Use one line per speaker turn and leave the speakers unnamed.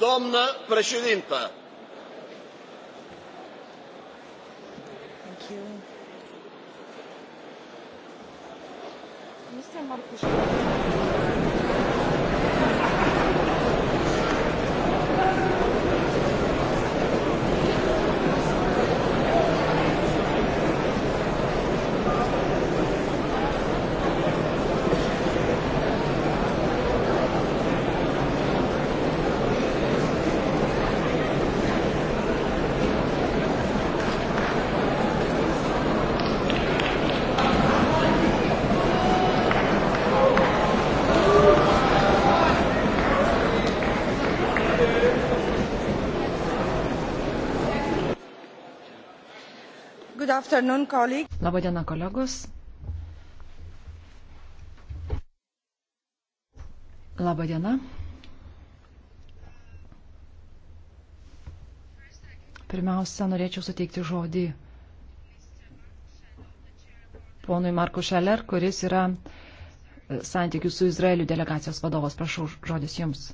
Doamnă președintă!
Thank you. Mr. Marcuș.
Labadiena, kolegos.
Labadiena. Pirmiausia, norėčiau suteikti žodį ponui Marku Šeler, kuris yra santykių su Izraeliu delegacijos vadovas. Prašau, žodis jums.